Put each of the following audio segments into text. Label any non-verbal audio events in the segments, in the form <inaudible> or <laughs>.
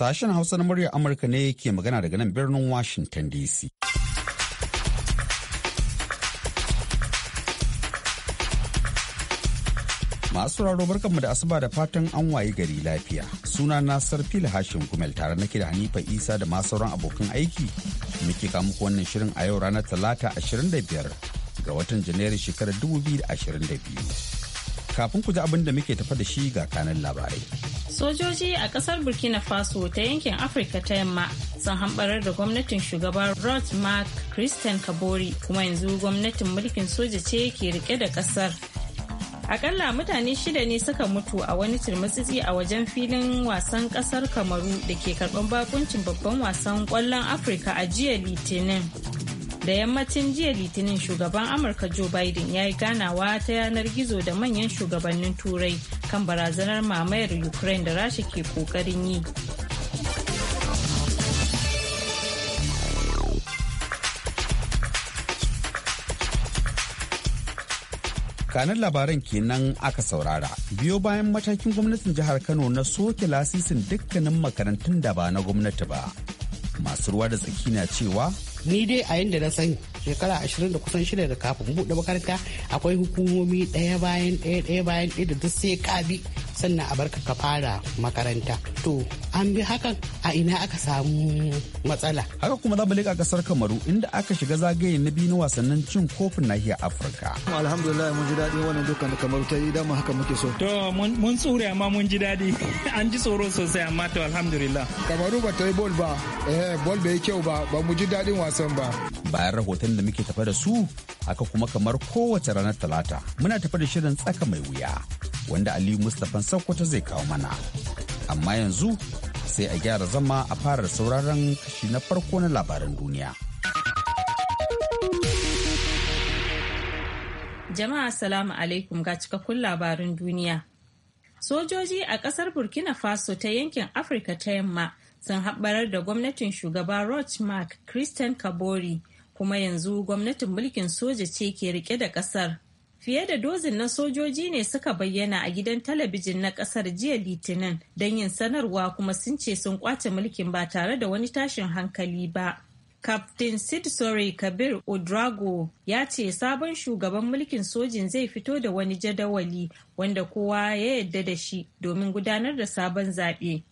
Sashen Hausa na muryar Amurka ne ke magana daga nan birnin Washington DC. Masu raro barkanmu da asuba da fatan an wayi gari lafiya. Suna na Sarfil Hashim Gumel tare nake da Hanifa Isa da masu sauran abokan aiki. Muke muku wannan shirin a yau ranar Talata 25 ga watan Janairu shekarar 2022. Kafin ku ji abin da muke tafa da shi ga kanan labarai. sojoji a kasar burkina faso ta yankin afirka ta yamma sun hambarar da gwamnatin shugaban rod mark christian kabori kuma yanzu gwamnatin mulkin soja ce ke rike da kasar akalla mutane shida ne suka mutu a wani turmutsitsi a wajen filin wasan kasar kamaru da ke karban bakuncin babban wasan kwallon afirka a jiya litinin da yammacin jiya litinin shugaban amurka joe biden ya yi ganawa ta yanar gizo da manyan shugabannin turai kan barazanar mamayar ukraine da rasha ke kokarin yi kanan labaran kenan aka saurara biyo bayan matakin gwamnatin jihar kano na soke lasisin dukkanin makarantun da ba na gwamnati ba masu ruwa da tsaki na cewa ni dai a yanda na sani shekara ashirin da kusan shida da kafin buɗe makaranta akwai hukumomi ɗaya bayan ɗaya ɗaya bayan ɗaya da duk sai ka sannan a barka ka fara makaranta to an bi hakan a ina aka samu matsala haka kuma za mu leƙa ƙasar kamaru inda aka shiga zagaye na biyu na wasannin cin kofin nahiyar afirka alhamdulillah mun ji daɗi wannan dukkan da kamaru ta yi mu haka muke so to mun tsure amma mun ji daɗi <laughs> an ji tsoro sosai amma to alhamdulillah kamaru ba ta yi bol ba eh bol bai kyau ba ba mu ji daɗin wasan ba bayan rahoton da muke tafa da su haka kuma kamar kowace ranar talata muna tafa da shirin tsaka mai wuya wanda aliyu mustapha sokoto zai kawo mana amma yanzu sai a gyara zama a fara sauraron kashi na farko na labaran duniya jama'a salamu alaikum ga cikakkun labarin duniya sojoji a kasar burkina faso ta yankin afirka ta yamma sun haɓarar da gwamnatin shugaba roch mark christian kabori kuma yanzu gwamnatin mulkin soja ce ke rike da ƙasar. Fiye da dozin na sojoji ne suka bayyana a gidan talabijin na kasar jiya Litinin don yin sanarwa kuma sun ce sun kwace mulkin ba tare da wani tashin hankali ba. Captain Sid Sore Kabir Odrago ya ce sabon shugaban mulkin sojin zai fito da wani jadawali wanda kowa ya yadda da shi domin gudanar da sabon zaɓe.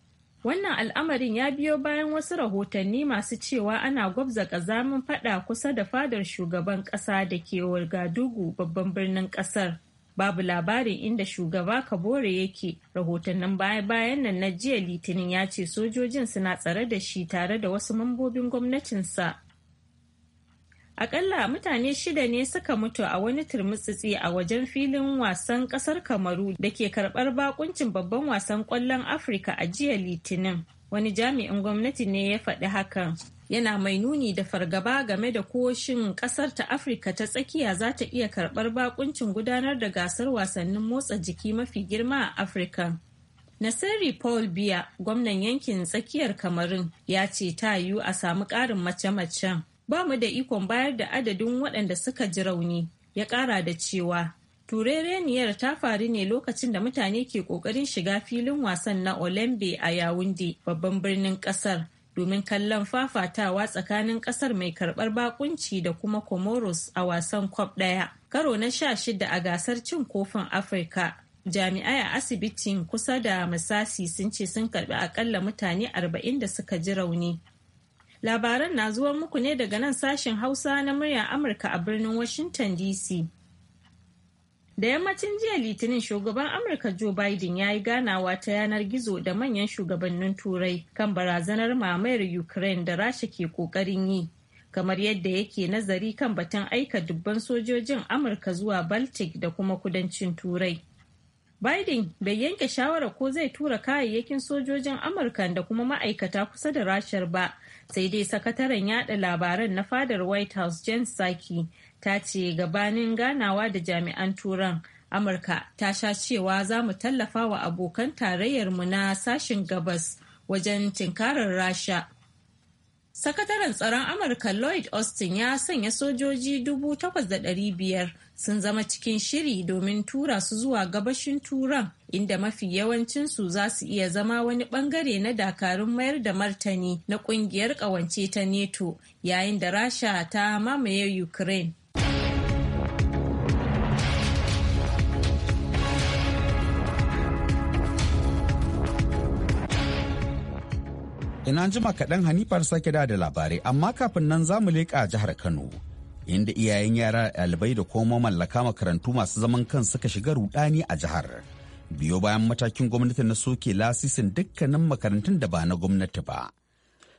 Wannan al'amarin ya biyo bayan wasu rahotanni masu cewa ana gwabza ƙazamin faɗa kusa da fadar shugaban ƙasa da ke Gadugu babban birnin ƙasar. Babu labarin inda shugaba Kabore yake rahotannin baya-bayan nan na jiya Litinin ya ce sojojin suna tsare da shi tare da wasu mambobin gwamnatinsa. Akalla mutane shida ne suka mutu a wani turmutsitsi a wajen filin wasan kasar Kamaru da ke karbar bakuncin babban wasan kwallon Afirka a jiya Litinin. Wani jami'in gwamnati ne ya faɗi hakan. Yana mai nuni da fargaba game da koshin kasar ta Afirka ta tsakiya za ta iya karbar bakuncin gudanar da gasar wasannin motsa jiki mafi girma a Afirka. Nasiri Paul Biya, gwamnan yankin tsakiyar Kamarun, ya ce ta yiwu a samu ƙarin mace-macen ba mu da ikon bayar da adadin waɗanda suka ji rauni ya ƙara da cewa turereniyar ta faru ne lokacin da mutane ke ƙoƙarin shiga filin wasan na olembe a yawunde babban birnin ƙasar domin kallon fafatawa tsakanin ƙasar mai karɓar bakunci da kuma comoros a wasan kwab ɗaya karo na sha shida a gasar cin kofin afirka jami'ai a asibitin kusa da masasi sun ce sun karɓi akalla mutane 40 da suka ji rauni Labaran na zuwa muku ne daga nan sashen Hausa na muryar Amurka a birnin Washington DC. Da yammacin jiya Litinin shugaban Amurka Joe Biden ya yi ganawa ta yanar gizo da manyan shugabannin Turai kan barazanar mamayar Ukraine da Rasha ke ƙoƙarin yi. Kamar yadda yake nazari kan batun aika dubban sojojin Amurka zuwa Baltic da kuma kudancin Turai. Biden bai yanke shawarar ko zai tura kayayyakin sojojin Amurka da kuma ma'aikata kusa da rashar ba, sai dai sakataren yada labaran na fadar White House Jen Psaki ta ce gabanin ganawa da jami'an turan Amurka ta sha cewa za mu tallafa wa abokan tarayyarmu na sashen gabas wajen tinkarar rasha. Sakataren tsaron Amurka Lloyd Austin ya sanya sojoji dubu takwas da biyar. sun zama cikin shiri domin tura su zuwa gabashin turan inda mafi yawancinsu za su iya zama wani bangare na dakarun mayar da martani na kungiyar kawance ta neto yayin da rasha ta mamaye ukraine ina jima kaɗan hanifar sake da labarai amma kafin nan za mu leƙa jihar kano inda iyayen yara ɗalibai da kuma mallaka makarantu masu zaman kan suka shiga rudani a jihar biyo bayan matakin gwamnati na soke lasisin dukkanin makarantun da ba na gwamnati ba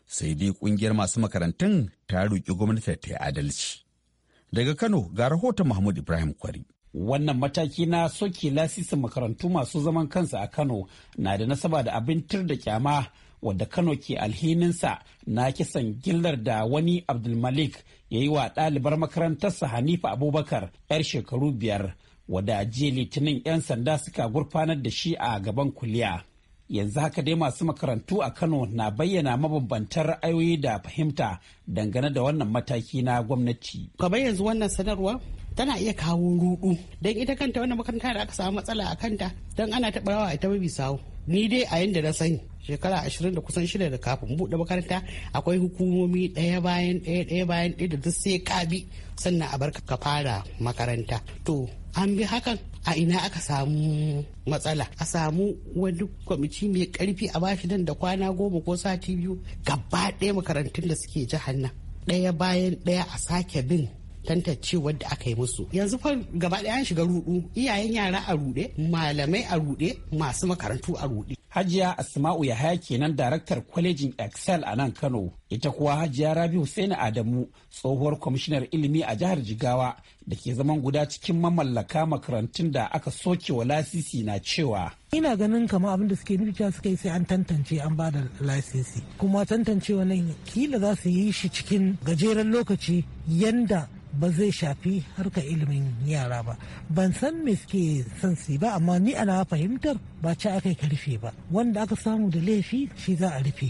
sai dai kungiyar masu makarantun ta roƙi gwamnati ta yi adalci daga kano ga rahoton mahmud ibrahim kwari wannan mataki na soke lasisin makarantu masu zaman kansa a kano na da nasaba da abin tir da kyama wadda kano ke alhininsa na kisan gillar da wani abdulmalik ya yi wa ɗalibar makarantarsa hanifa abubakar 'yar shekaru biyar wadda ajiye litinin 'yan sanda suka gurfanar da shi a gaban kuliya yanzu haka dai masu makarantu a kano na bayyana mabambantan ra'ayoyi da fahimta dangane da wannan mataki na gwamnati kamar yanzu wannan sanarwa tana iya kawo ruɗu don ita kanta wannan makaranta da aka samu matsala a kanta don ana taɓa rawa ita mabi ni dai a yanda na sani shekara ashirin da kusan shida da kafin buɗe makaranta akwai hukumomi ɗaya bayan ɗaya ɗaya bayan ɗaya da duk sai ka bi sannan a bar ka fara makaranta to an bi hakan a ina aka samu matsala a samu wani kwamiti mai karfi a bashi nan da kwana goma ko sati biyu gaba ɗaya makarantun da suke jihar nan ɗaya bayan ɗaya a sake bin tantancewar da aka yi musu yanzu fa gaba ɗaya an shiga rudu iyayen yara a rude malamai a rude masu makarantu a rude Hajiya Asma'u Yahaya kenan daraktar kwalejin Excel a nan Kano, ita kuwa Hajiya Rabi Husaini Adamu tsohuwar kwamishinar ilimi a jihar Jigawa da ke zaman guda cikin mamallaka makarantun da aka soke wa lasisi na cewa. Ina ganin kama abin da suke nufi suka yi sai an tantance an ba da lasisi. Kuma tantance wannan kila za su yi shi cikin gajeren lokaci yanda ba zai shafi harkar ilimin yara ba ban san me suke son su ba amma ni ana fahimtar ba ci aka ka rufe ba wanda aka samu da laifi shi za a rufe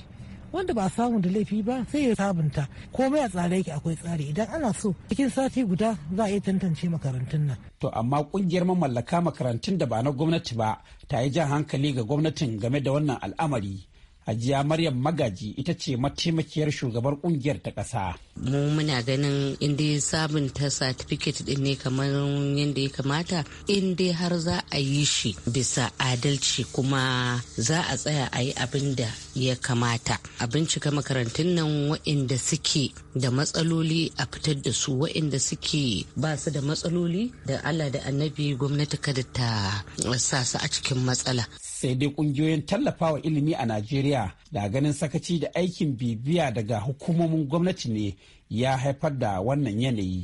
wanda ba samu da laifi ba sai ya sabunta komai a tsare yake akwai tsari idan ana so cikin sati guda za a iya tantance makarantun nan to amma kungiyar mamallaka makarantun da ba na gwamnati ba ta yi jan hankali ga gwamnatin game da wannan al'amari Ajiya Maryam Magaji ita ce mataimakiyar shugabar kungiyar ta ƙasa. Mu muna ganin in dai sabunta satifiket din ne kamar yadda ya kamata in dai har za a yi shi bisa adalci kuma za a tsaya a yi abin da ya kamata. A bincika makarantun nan waɗanda suke da matsaloli a fitar da su waɗanda suke ba su da matsaloli da Allah da annabi gwamnati kada ta sa su a cikin matsala. sai dai kungiyoyin tallafawa ilimi a najeriya da ganin sakaci da aikin bibiya daga hukumomin gwamnati ne ya haifar da wannan yanayi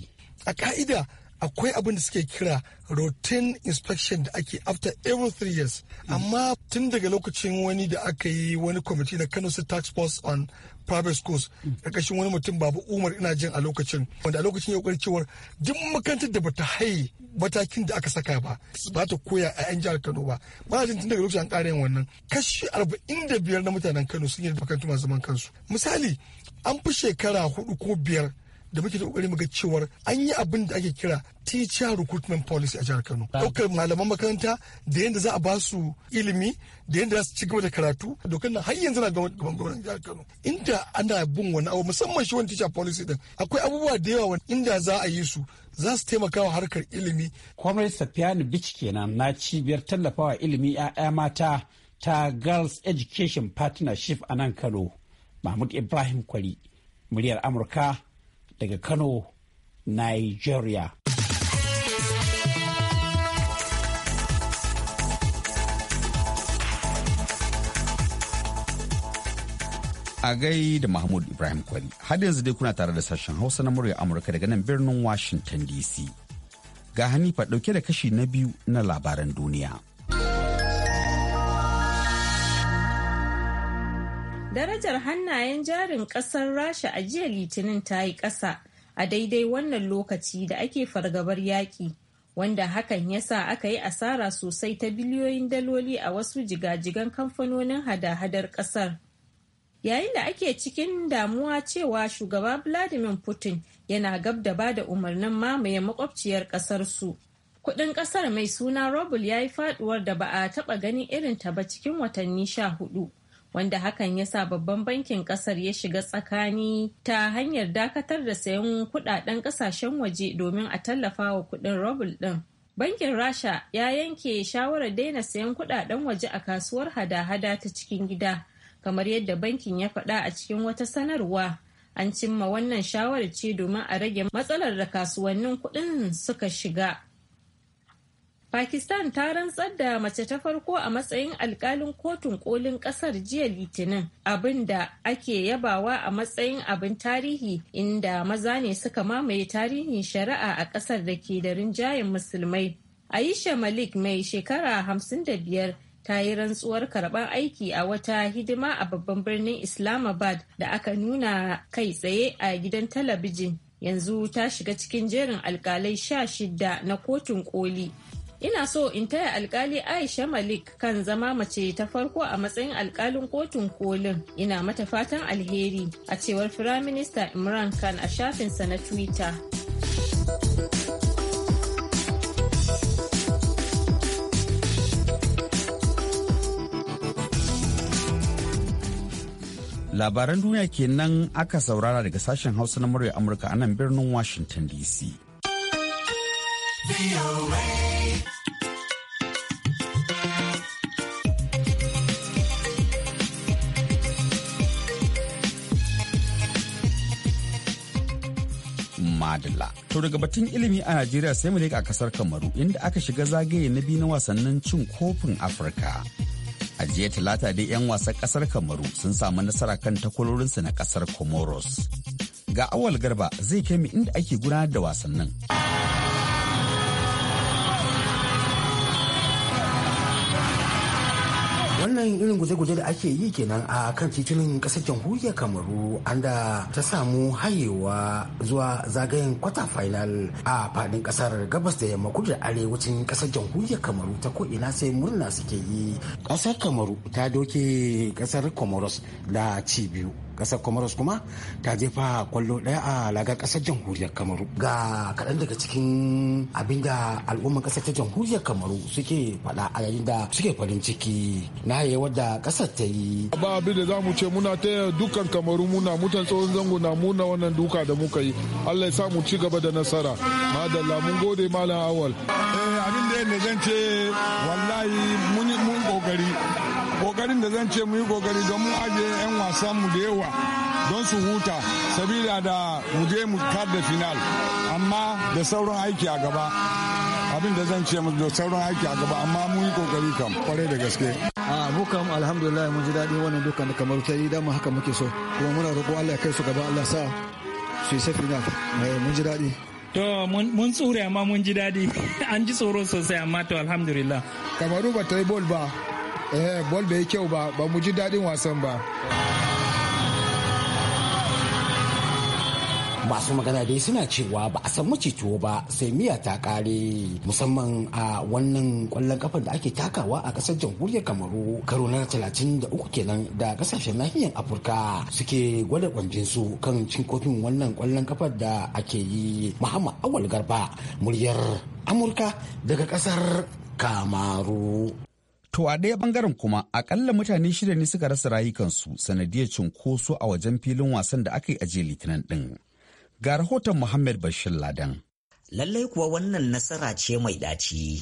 a ka'ida akwai abin da suke kira routine inspection da ake after every three years mm. amma tun daga lokacin wani da aka yi wani kwamiti na kano state tax force on private schools ƙarƙashin wani mutum babu umar ina jin a lokacin wanda a lokacin ya kokari cewar duk makarantar da bata haye matakin da aka saka ba ba ta koya a yan jihar kano ba ba jin tun daga lokacin an ƙara yin wannan kashi arba'in da biyar na mutanen kano sun yi makarantu masu zaman kansu misali an fi shekara hudu ko biyar da muke da kokari muga cewar an yi abin da ake kira teacher recruitment policy a jihar Kano. Daukar malaman makaranta da yadda za a ba su ilimi da yadda za su ci gaba da karatu dokar nan har yanzu na gaban gwamnatin jihar Kano. Inda ana bin wani abu musamman shi wani teacher policy din akwai abubuwa da yawa inda za a yi su za su taimaka wa harkar ilimi. Comrade Safiyanu Bich kenan na cibiyar tallafawa ilimi 'ya'ya mata ta Girls Education Partnership a nan Kano. Mahmud Ibrahim Kwari, muryar Amurka daga Kano, Nigeria. a gai da Mahmud Ibrahim Kwari. Har yanzu dai kuna tare da sashen Hausa na murya Amurka daga nan birnin Washington DC. Ga Hanifa ɗauke da kashi na biyu na labaran duniya. darajar hannayen jarin kasar rasha a jiya litinin ta yi ƙasa a daidai wannan lokaci da ake fargabar yaƙi wanda hakan ya sa aka yi asara sosai ta biliyoyin daloli a wasu jigajigan kamfanonin hada-hadar ƙasar yayin da ake cikin damuwa cewa shugaba vladimir putin yana gab da ba da umarnin mamaye makwabciyar ƙasar su kudin ƙasar mai suna robul ya yi faduwar da ba a taɓa ganin irinta ba cikin watanni sha hudu wanda hakan ya sa babban bankin kasar ya shiga tsakani ta hanyar dakatar da sayan kudaden kasashen waje domin a tallafa wa kudin rubul din. Bankin Rasha ya yanke shawarar daina sayan kudaden waje a kasuwar hada-hada ta cikin gida, kamar yadda bankin ya faɗa a cikin wata sanarwa. An cimma wannan shawarar ce domin a rage matsalar da kasuwannin kuɗin suka shiga Pakistan ta rantsar da mace ta farko a matsayin alkalin kotun kolin kasar jiya litinin abin da ake yabawa a matsayin abin tarihi inda maza ne suka mamaye tarihin shari'a a kasar da ke da rinjayen musulmai. Aisha Malik mai shekara 55 ta yi rantsuwar karban aiki a wata hidima a babban birnin Islamabad da aka nuna kai tsaye a gidan talabijin. Yanzu ta shiga cikin jerin alkalai sha shida na kotun koli ina so in taya alkali aisha malik kan zama mace ta farko a matsayin alkalin kotun kolin ina mata fatan alheri a cewar firaminista imran khan a shafinsa na twitter labaran duniya kenan aka saurara daga sashen hausa na murya amurka a nan birnin washington dc. Madalla. To daga batun ilimi a Najeriya sai mu leƙa kasar Kamaru inda aka shiga zagaye na biyu na wasannin cin kofin Afirka. A jiya talata dai 'yan wasan kasar Kamaru sun samu nasara kan takwarorinsu na kasar Comoros. Ga awal garba zai kai mu inda ake gudanar da wasannin. wannan irin guje-guje da ake yi kenan a kan titunan ƙasar jamhuriyar kamaru an da ta samu hayewa zuwa zagayen kwata final a faɗin ƙasar gabas da yamma kudu da arewacin ƙasar jamhuriyar kamaru ta ko'ina sai murna suke yi ƙasar kamaru ta doke ƙasar comoros da ci biyu kasar comoros kuma ta jefa kwallo daya a lagar kasar jamhuriyar kamaru ga kaɗan daga cikin abinda al'umman kasar ta jamhuriyar kamaru suke faɗa a yayin da suke farin ciki na yi da kasar ta yi ba abin da za mu ce muna ta dukkan kamaru muna mutan tsohon zango na muna wannan duka da muka yi allah ya sa mu ci gaba da nasara madalla mun gode malam awal eh, abin da yadda zan ce wallahi mun kokari kokarin da zan ce mu yi kokari don mu ajiye 'yan wasan mu da yawa don su huta sabila da mu je mu kar da final amma da sauran aiki a gaba abin da zan ce mu da sauran aiki a gaba amma mu yi kokari kam kwarai da gaske a mu kam alhamdulillah mun ji daɗin wannan dukkan kamar ta yi dama haka muke so kuma muna roƙo Allah ya kai su gaba Allah sa su yi safina eh, mun ji daɗi To mun tsure amma mun ji daɗi <laughs> an ji tsoro sosai amma to alhamdulillah. Kamaru ba ta yi bol ba eh bol bai kyau ba ba mu ji daɗin wasan ba masu magana dai suna cewa ba a san tuwo ba sai miya ta kare musamman a wannan kwallon kafar da ake takawa a kasar jamhuriyar kamaru karo na 33 kenan da kasashen nahiyar afirka suke gwada kwanjinsu kan cin kofin wannan kwallon kafar da ake yi muhammad awal garba muryar amurka daga kasar kamaru To a ɗaya bangaren kuma akalla mutane shida ne suka rasa rayukansu sanadiyar cunkoso a wajen filin wasan da aka yi ajiye litinin ɗin. Ga rahoton Muhammad Bashir Ladan. Lallai kuwa wannan nasara ce mai ɗaci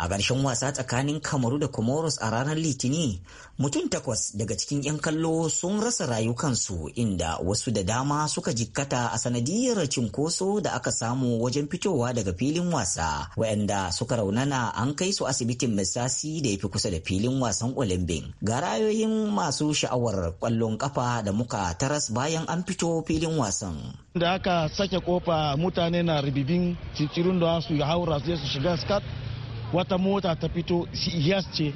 a ƙarshen wasa tsakanin kamaru da comoros a ranar litini mutum takwas daga cikin 'yan kallo sun rasa rayukansu inda wasu da dama suka jikkata a sanadiyar cinkoso da aka samu wajen fitowa daga filin wasa waɗanda suka raunana an kai su asibitin misasi da ya fi kusa da filin wasan olympic ga rayoyin masu sha'awar kwallon kafa da muka taras bayan an fito filin wasan da aka sake kofa mutane na ribibin cincirin da su haura su shiga skat wata mota ta fito yes ce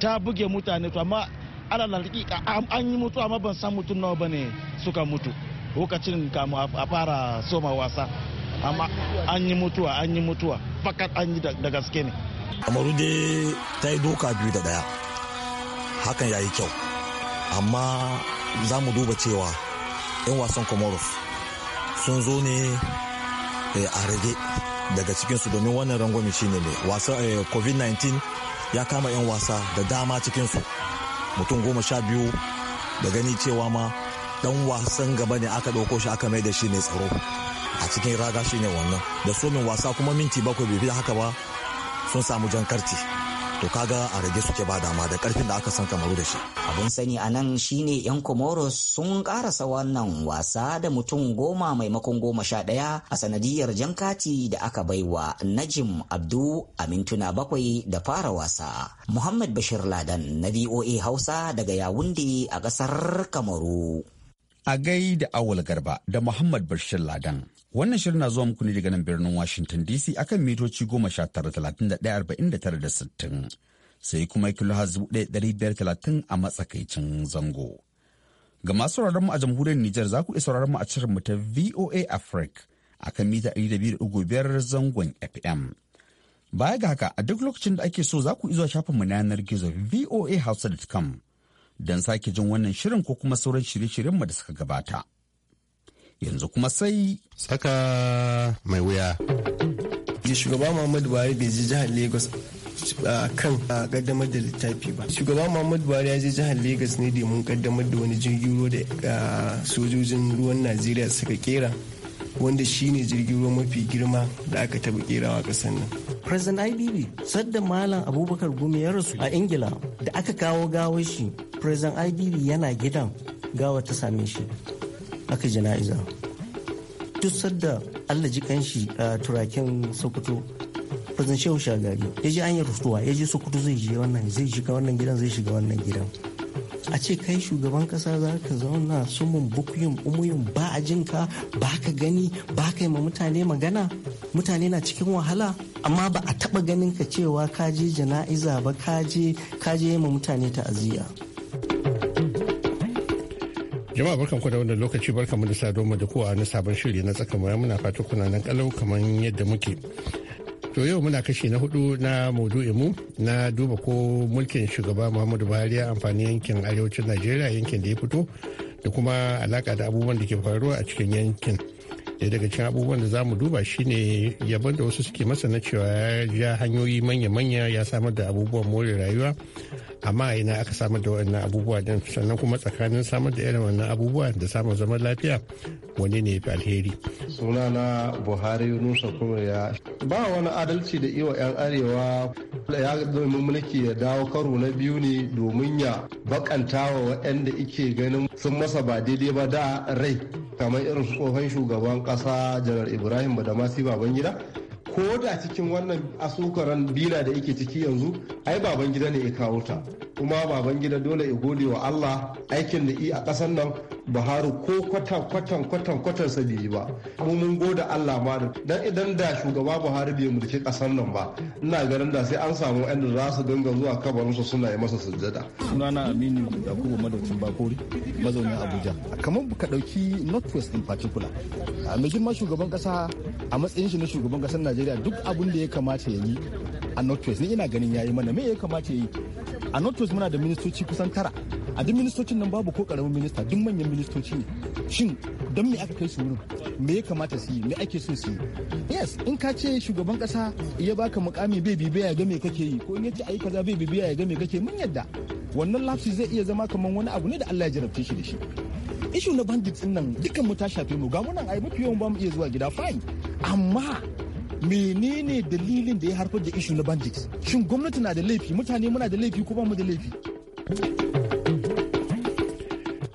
ta buge mutane to amma alal hakika an yi mutu amma ban san mutum nawa bane suka mutu lokacin kamu a fara soma wasa amma an yi mutuwa an yi mutuwa fakat an yi da gaske ne amaru dai ta yi doka biyu da daya hakan ya yi kyau amma za mu duba cewa 'yan wasan comoros sun zo ne eh, a rage daga cikinsu domin wannan rangwame shine ne wasa eh, covid-19 ya kama 'yan wasa da dama cikin su mutum goma sha biyu da gani cewa ma dan wasan gaba ne aka ɗauko shi aka mai da shi ne tsaro a cikin raga shine wannan da somin wasa kuma minti bakwai bai haka ba sun samu jan karti to kaga a rage suke ba dama da karfin da aka san kamaru da shi abin sani a nan shine yan Komoros sun karasa wannan wasa da mutum goma maimakon goma sha ɗaya a sanadiyar jankati da aka baiwa najim abdu a mintuna bakwai da fara wasa muhammad bashir ladan na voa hausa daga yawunde a ƙasar kamaru a gai da awal garba da muhammad bashir ladan Wannan shirin na zuwa muku ne daga nan birnin Washington DC akan mitoci goma sha talatin Sai kuma kilo hazu ɗaya a matsakaicin zango. Ga masu sauraron mu a jamhuriyar Nijar za ku iya mu a cikin mu ta VOA Africa akan mita ɗari zangon FM. Baya ga haka a duk lokacin da ake so za ku iya shafinmu na yanar gizo voa House.com don sake jin wannan shirin ko kuma sauran shirye-shiryenmu da suka gabata. yanzu kuma sai saka mai wuya shugaba muhammadu buhari bai je jihar lagos a kan kaddamar da littafi ba shugaba muhammadu buhari ya je jihar lagos ne domin kaddamar da wani jirgin ruwa da sojojin ruwan najeriya suka kera wanda shine jirgin ruwa mafi girma da aka taba kerawa kasar nan president ibb sadda malam abubakar gumi ya rasu a ingila da aka kawo gawar shi president ibb yana gidan gawar ta same shi aka jana'iza duk sadda allah ji kanshi a turaken sokoto fazin shehu shagari ya ji yi rufuwa ya ji sokoto zai je wannan zai shiga wannan gidan zai shiga wannan gidan a ce kai shugaban kasa za ka zauna sumun bukuyin umuyin ba a jin ka ba ka gani ba ka yi ma mutane magana mutane na cikin wahala amma ba a taba ganin ka cewa ka je jana'iza ba ka je ma mutane ta'aziyya Jama'a barkan ku da wannan lokaci barkan mu da sadoma da kowa na sabon shiri na tsaka mai muna fata kuna nan kalau kamar yadda muke. To yau muna kashi na hudu na mu na duba ko mulkin shugaba Muhammadu Buhari ya amfani yankin arewacin Najeriya yankin da ya fito da kuma alaka da abubuwan da ke faruwa a cikin yankin. ɗaya daga cikin abubuwan da za mu duba shine yabon da wasu suke masa na cewa ya ja hanyoyi manya-manya ya samar da abubuwan more rayuwa amma ina aka samar da wannan abubuwa din sannan kuma tsakanin samar da irin wannan abubuwa da samun zaman lafiya wani ne fi alheri sunana buhari nusa kuma ya ba wani adalci da iwa 'yan arewa ya zama mulki ya dawo karo na biyu ne domin ya bakanta wa waɗanda ike ganin sun masa ba daidai ba da rai kamar irin tsohon shugaban ƙasa janar ibrahim badamasi gida ko da cikin wannan asukaran bila da yake ciki yanzu ai baban gida ne ya kawo ta kuma baban gida dole ya gode wa Allah aikin da yi a ƙasar nan Buhari ko kwatan kwatan kwatan kwatan sa bai yi ba mu mun gode Allah ma dan idan da shugaba Buhari bai mulki ƙasar nan ba ina ganin da sai an samu ɗan da za su dinga zuwa kabarin su suna yi masa sujjada sunana Aminu Yakubu Madaucin Bakori mazaunin Abuja kamar ka ɗauki Northwest in particular a mai ma shugaban ƙasa a matsayin shi na shugaban ƙasar Najeriya duk abin da ya kamata ya yi a Northwest ni ina ganin yayi mana me ya kamata ya yi a Northwest ministoci muna da ministoci kusan tara a duk ministocin nan babu ko karamin minista duk manyan ministoci ne shin don me aka kai su wurin me ya kamata su yi me ake so su yi yes in ka ce shugaban kasa ya baka mukami bai bibiya ya ga me kake yi ko in yace ayi kaza bai bibiya ya ga me kake mun yadda wannan lapsi zai iya zama kamar wani abu ne da Allah ya jarabce shi da shi ishu na bandits din nan dukan mu ta shafe mu ga mu nan ai mafi yawan ba mu iya zuwa gida fine amma menene dalilin da ya harfar da ishu na bandits shin gwamnati na da laifi mutane muna da laifi ko ba mu da laifi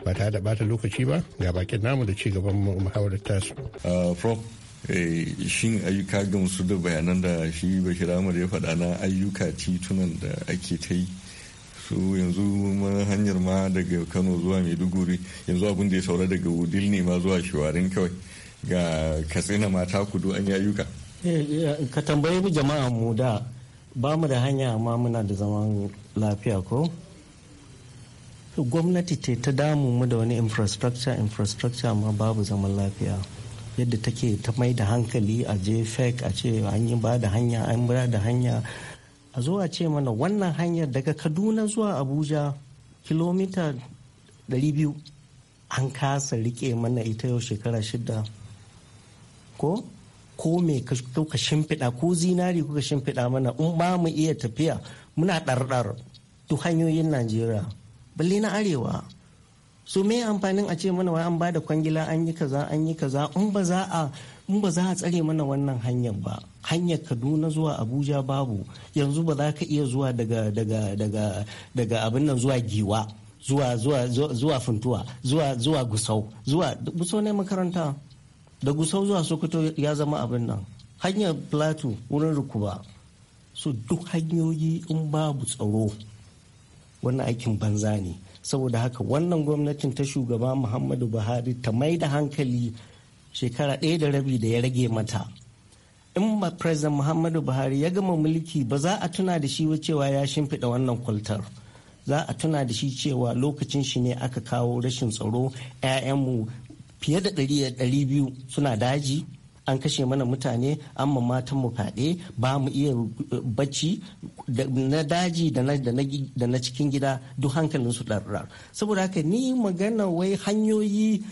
ba ta da bata lokaci ba ga bakin namu da cigaban muhawarar tasu uh, eh, shin ayyuka gamsu da bayanan da shi bashir ya faɗa na ayyuka titunan da ake ta yi su yanzu hanyar ma daga kano zuwa maiduguri yanzu abin da ya saura daga wudil ne ma zuwa shiwarin kawai ga katsina mata kudu an yi ayyuka Eh, ka tambayi jama'a mu da ba mu da hanya amma muna da zaman lafiya ko gwamnati ce ta damu mu da wani infrastructure infrastructure amma babu zaman lafiya yadda take ta mai da hankali a je fek a ce an yi ba da hanya an bura da hanya a zo a ce mana wannan hanyar daga kaduna zuwa abuja kilomita 200 an kasa rike mana ita yau shekara shida ko ko me kuka shimfiɗa ko zinari kuka shimfiɗa mana in ba mu iya tafiya muna ɗarɗar duk hanyoyin najeriya balle na arewa so me amfanin a ce mana wai an ba da kwangila an yi kaza an yi kaza in ba za a in ba za a tsare mana wannan hanyar ba hanyar kaduna zuwa abuja babu yanzu ba za ka iya zuwa daga daga daga daga abin nan zuwa giwa zuwa zuwa zuwa funtuwa zuwa zuwa gusau zuwa gusau ne makaranta da gusau zuwa sokoto ya zama abin nan hanyar plateau wurin rukuba su duk hanyoyi in babu tsaro wannan aikin banza ne saboda haka wannan gwamnatin ta shugaba muhammadu buhari ta mai da hankali shekara ɗaya da rabi da ya rage mata in ba president muhammadu buhari ya gama mulki ba za a tuna da shi cewa ya shimfiɗa wannan kwaltar za a tuna da shi cewa lokacin shi ne aka kawo rashin tsaro 'ya'yanmu fiye da ɗari biyu suna daji an kashe mana mutane an ma matan mu fyaɗe ba mu iya bacci na daji da na cikin gida duk hankalin su ɗarɗar saboda haka ni magana wai hanyoyi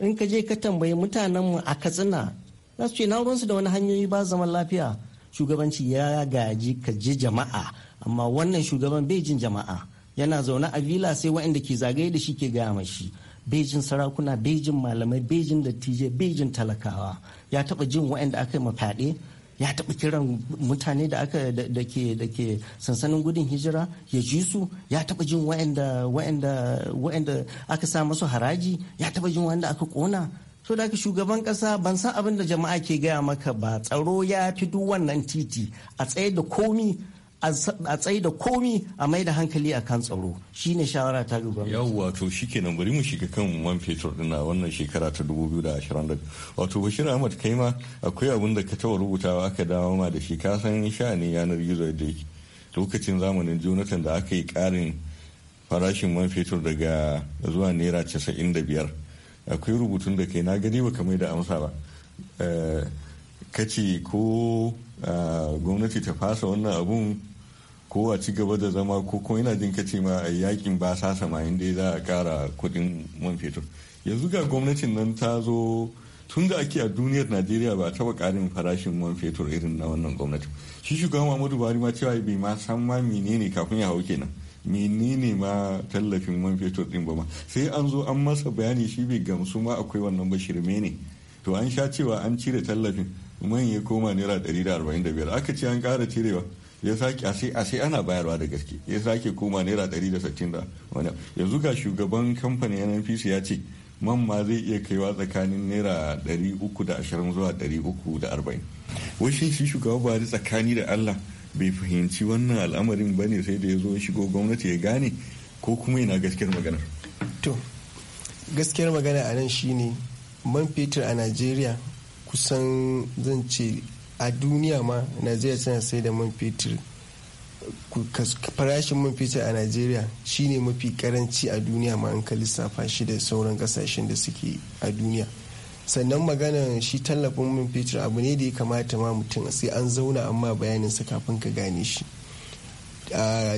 in ka je ka tambayi mutanen mu a katsina na su ce na ruwansu da wani hanyoyi ba zaman lafiya shugabanci ya gaji ka je jama'a amma wannan shugaban bai jin jama'a yana zaune a villa sai waɗanda ke zagaye da shi ke gaya mashi shi bejin sarakuna bejin malamai bejin dattijai bejin talakawa ya taba jin waɗanda aka yi fyaɗe ya taɓa kiran mutane da aka da ke da ke sansanin gudun hijira ya ji su ya taɓa jin wa'anda wa'anda wa'anda aka sa masu haraji ya taba jin wa'anda aka kona so da shugaban kasa ban san abin da jama'a ke gaya maka ba tsaro ya fi duk wannan titi a tsaye da komi a tsayi da komi a mai da hankali a kan tsaro shine shawara ta ga gwamnati yawwa to shikenan bari mu shiga kan man fetur dina wannan shekara ta 2020 wato bashir ahmad kai ma akwai abin da ka taba rubutawa aka dawo ma da shi ka san sha ne yanar gizo da yake lokacin zamanin jonathan da aka yi karin farashin man fetur daga zuwa naira casa'in da biyar akwai rubutun da kai na gani ba kamar da amsa ba eh, ka ko ah, gwamnati ta fasa wannan abun ko a ci gaba da zama ko kuma ina jin kace ma a yakin ba sa sama inda za a kara kudin man fetur yanzu ga gwamnatin nan ta zo tun da ake a duniyar najeriya ba taba karin farashin man fetur irin na wannan gwamnati shi shugaban muhammadu buhari ma cewa bai ma san ma menene kafin ya hau kenan menene ma tallafin man fetur din ba ma sai an zo an masa bayani shi bai gamsu ma akwai wannan ba shirme ne to an sha cewa an cire tallafin man ya koma naira 145 aka ce an kara cirewa ya sake a sai ana bayarwa da gaske ya sake koma naira 160 da wani yanzu ga shugaban kamfanin nnpc ya ce man ma zai iya kaiwa tsakanin naira 320 zuwa 340 washin shi shugaba buhari tsakani da allah bai fahimci wannan al'amarin ba ne sai da ya zo shigo gwamnati ya gane ko kuma yana gaskiyar magana to gaskiyar magana a nan shine man fetur a najeriya kusan zan ce a duniya ma najeriya tana sai da man fetur farashin man fetur a najeriya shine mafi karanci a duniya ma an ka lissafa shi da sauran kasashen da suke a duniya sannan maganar shi tallafin man fetur abu ne da ya kamata ma mutum sai an zauna amma bayanin sa kafin ka gane shi a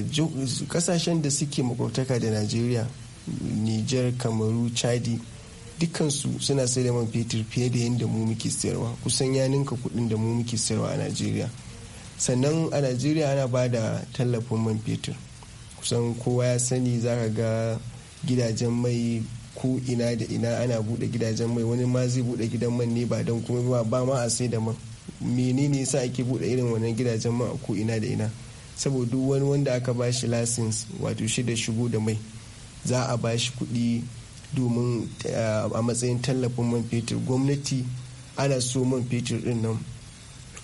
kasashen da suke makwabtaka da najeriya niger kamaru chadi dukansu suna sai da man fetur fiye da yadda mu muke sayarwa kusan ya ninka kudin da mu muke sayarwa a najeriya sannan a najeriya ana ba da tallafin man fetur kusan kowa ya sani za ka ga gidajen mai ko ina da ina ana bude gidajen mai wani ma zai bude gidan man ne ba don kuma ba ma a sai da man menene sa ake bude irin wannan gidajen man a ko ina da ina saboda duk wani wanda aka ba shi lasins wato shi da shigo da mai za a ba shi kuɗi domin eh, a matsayin tallafin man fetur gwamnati ana so man fetur din nan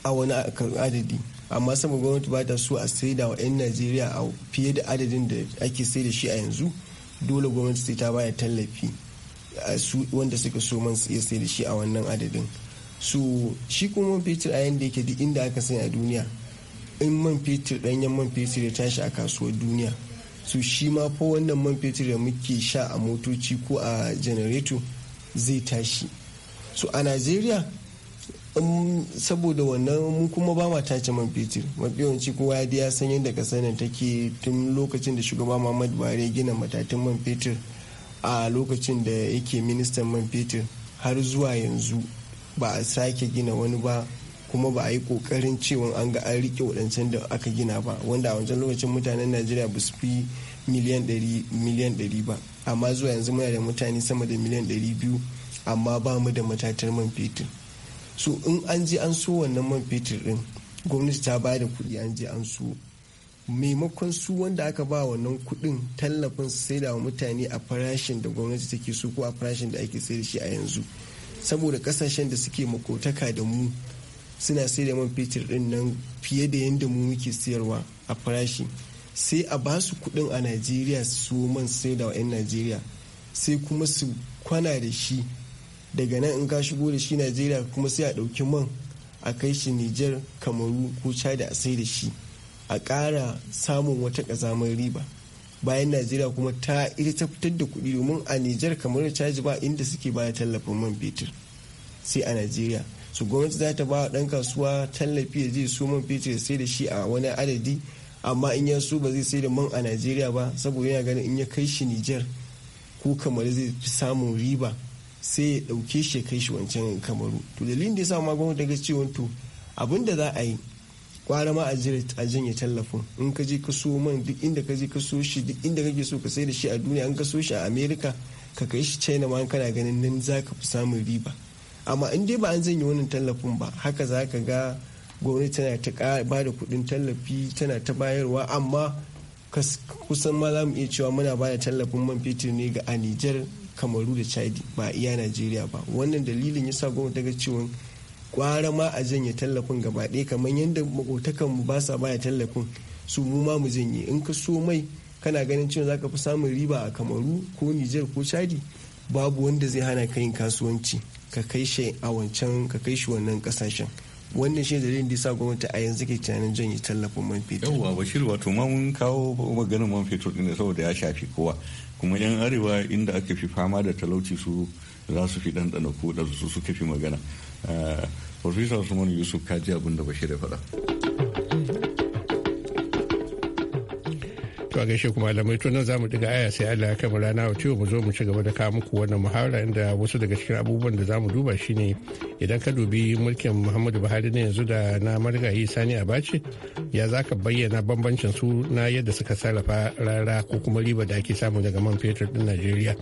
a wani adadi amma sama gwamnati ba ta so a sai wa 'yan najeriya a fiye da adadin da ake sai da shi a yanzu dole gwamnati sai ta baya tallafi eh, su wanda suka so man sai da shi a wannan adadin so shi kuma man fetur a yanda yake duk inda aka sani a duniya in man fetur ɗanyen man fetur ya tashi a kasuwar duniya su shi ma fa wannan man fetur da muke sha a motoci ko a janareto zai tashi so a najeriya um, saboda wannan mun kuma ba ma tace man fetur mafiyawanci kowa ya ya san yadda kasar nan take tun lokacin da shugaba muhammad buhari ya gina matatun man fetur a lokacin da yake ministan man fetur har zuwa yanzu ba a sake gina wani ba kuma ba a yi kokarin cewa an ga an rike waɗancan da aka gina ba wanda a wancan lokacin mutanen najeriya ba su fi miliyan ɗari miliyan ɗari ba amma zuwa yanzu muna da mutane sama da miliyan ɗari biyu amma ba mu da matatar man fetur so in an je an so wannan man fetur ɗin gwamnati ta ba da kuɗi an je an so maimakon su wanda aka ba wannan kuɗin tallafin su sai da mutane a farashin da gwamnati take so ko a farashin da ake sayar da shi a yanzu saboda ƙasashen da suke makotaka da mu suna sai man fetur din nan fiye da yadda mu muke siyarwa a farashi sai a ba su kudin a najeriya su man sai da 'yan najeriya sai kuma su kwana da shi daga nan in ka shigo da shi najeriya kuma sai a ɗauki man a kai shi nijar kamaru ko chad a sai da shi a ƙara samun wata ƙazamar riba bayan najeriya kuma ta ita ta fitar da kuɗi domin a nijar kamar da caji ba inda suke baya tallafin man fetur sai a najeriya su gwamnati za ta ba ɗan kasuwa tallafi ya je su man fetur sai da shi a wani adadi amma in ya su ba zai sai da man a najeriya ba saboda yana ganin in ya kai shi nijar ko kamar zai fi samun riba sai ya dauke shi ya kai shi wancan kamaru to dalilin da ya sa ma gwamnati daga cewa to abin da za a yi kwara ma a janye tallafin in ka je ka so man duk inda ka je ka so shi duk inda kake so ka sai da shi a duniya an ka so shi a america ka kai shi china ma kana ganin nan za ka fi samun riba amma in dai ba an yi wannan tallafin ba haka za ka ga gwamnati tana ta ba da kuɗin tallafi tana ta bayarwa amma kusan ma za mu iya cewa muna ba da tallafin man fetur ne ga a Nijar kamaru da chadi ba iya najeriya ba wannan dalilin yasa gwamnati ta ga cewa kwara ma a janye tallafin gaba ɗaya kamar yadda makotakan mu ba sa da tallafin su mu ma mu janye in ka so mai kana ganin cewa zaka fi samun riba a kamaru ko nijar ko chadi babu wanda zai hana ka yin kasuwanci ka kai shi a wancan ka kai shi wannan kasashen wannan shi dalilin da sa gwamnati a yanzu ke tunanin janye tallafin man fetur yawwa bashir wato ma mun kawo maganin man fetur din saboda ya shafi kowa kuma yan arewa inda aka fi fama da talauci su za su fi ɗanɗana ko da su suka fi magana eh, professor usman yusuf kaji abin da bashir ya faɗa To a gaishe kuma alamai to nan zamu diga aya sai Allah ya mu rana wa mu zo mu ci gaba da kawo muku wannan muhawara inda wasu daga cikin abubuwan da zamu duba shine idan ka dubi mulkin Muhammadu Buhari ne yanzu da na margayi Sani Abace ya zaka bayyana bambancin su na yadda suka sarrafa rara ko kuma riba da ake samu daga man fetur din Najeriya.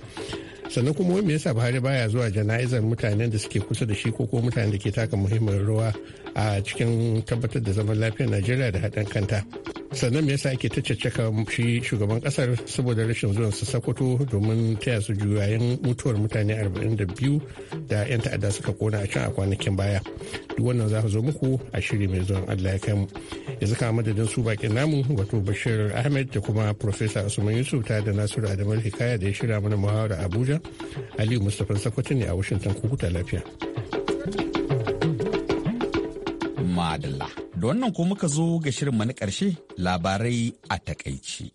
sannan kuma wani yasa buhari baya zuwa jana'izar mutanen da suke kusa da shi ko kuma mutanen da ke taka muhimmin rawa a cikin tabbatar da zaman lafiyar najeriya da haɗin kanta sannan me yasa ake ta caccaka shi shugaban kasar saboda rashin zuwan su sakoto domin taya su juyayen mutuwar mutane 42 da 'yan ta'adda suka kona a can a kwanakin baya duk wannan za zo muku a shiri mai zuwan allah ya kai mu yanzu kama madadin su bakin namu wato bashir ahmed da kuma profesa usman yusuf ta da nasiru adamar hikaya da ya shirya mana muhawara abuja aliyu mustapha sakwato ne a washington kukuta lafiya madalla Da wannan ko muka zo ga shirinmu na ƙarshe labarai a takaici.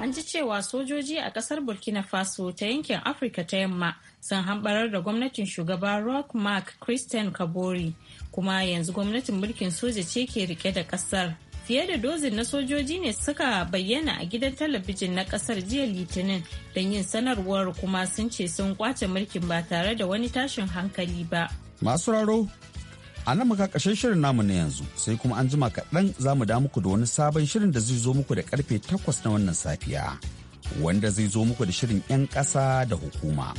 An ji cewa sojoji a ƙasar Burkina Faso ta yankin Afirka ta yamma sun hambarar da gwamnatin shugaba Rock Mark Christian Kabori kuma yanzu gwamnatin mulkin soja ce ke rike da ƙasar. Fiye da dozin na sojoji ne suka bayyana a gidan talabijin na ƙasar jiya litinin don yin sanarwar kuma sun ce sun kwace mulkin ba tare da wani tashin hankali ba. Masu raro A nan muka ƙarshen shirin namu na yanzu sai kuma an jima kaɗan za mu da muku da wani sabon shirin da zai zo muku da karfe takwas na wannan safiya wanda zai zo muku da shirin 'yan ƙasa da hukuma.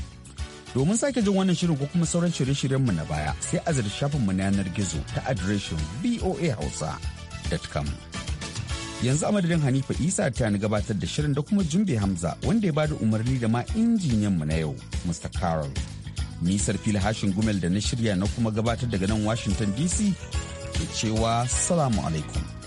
Domin sake jin wannan shirin ko kuma sauran shirye-shiryenmu na baya sai a zira shafinmu na yanar gizo ta adireshin voahausa.com. Yanzu a madadin Hanifa Isa ta ni gabatar da shirin da kuma Jumbe Hamza wanda ya bada umarni da ma injiniyanmu na yau, Mr. Carol. Nisar fili hashin gumel da na shirya na kuma gabatar daga nan Washington DC ke cewa salamu alaikum.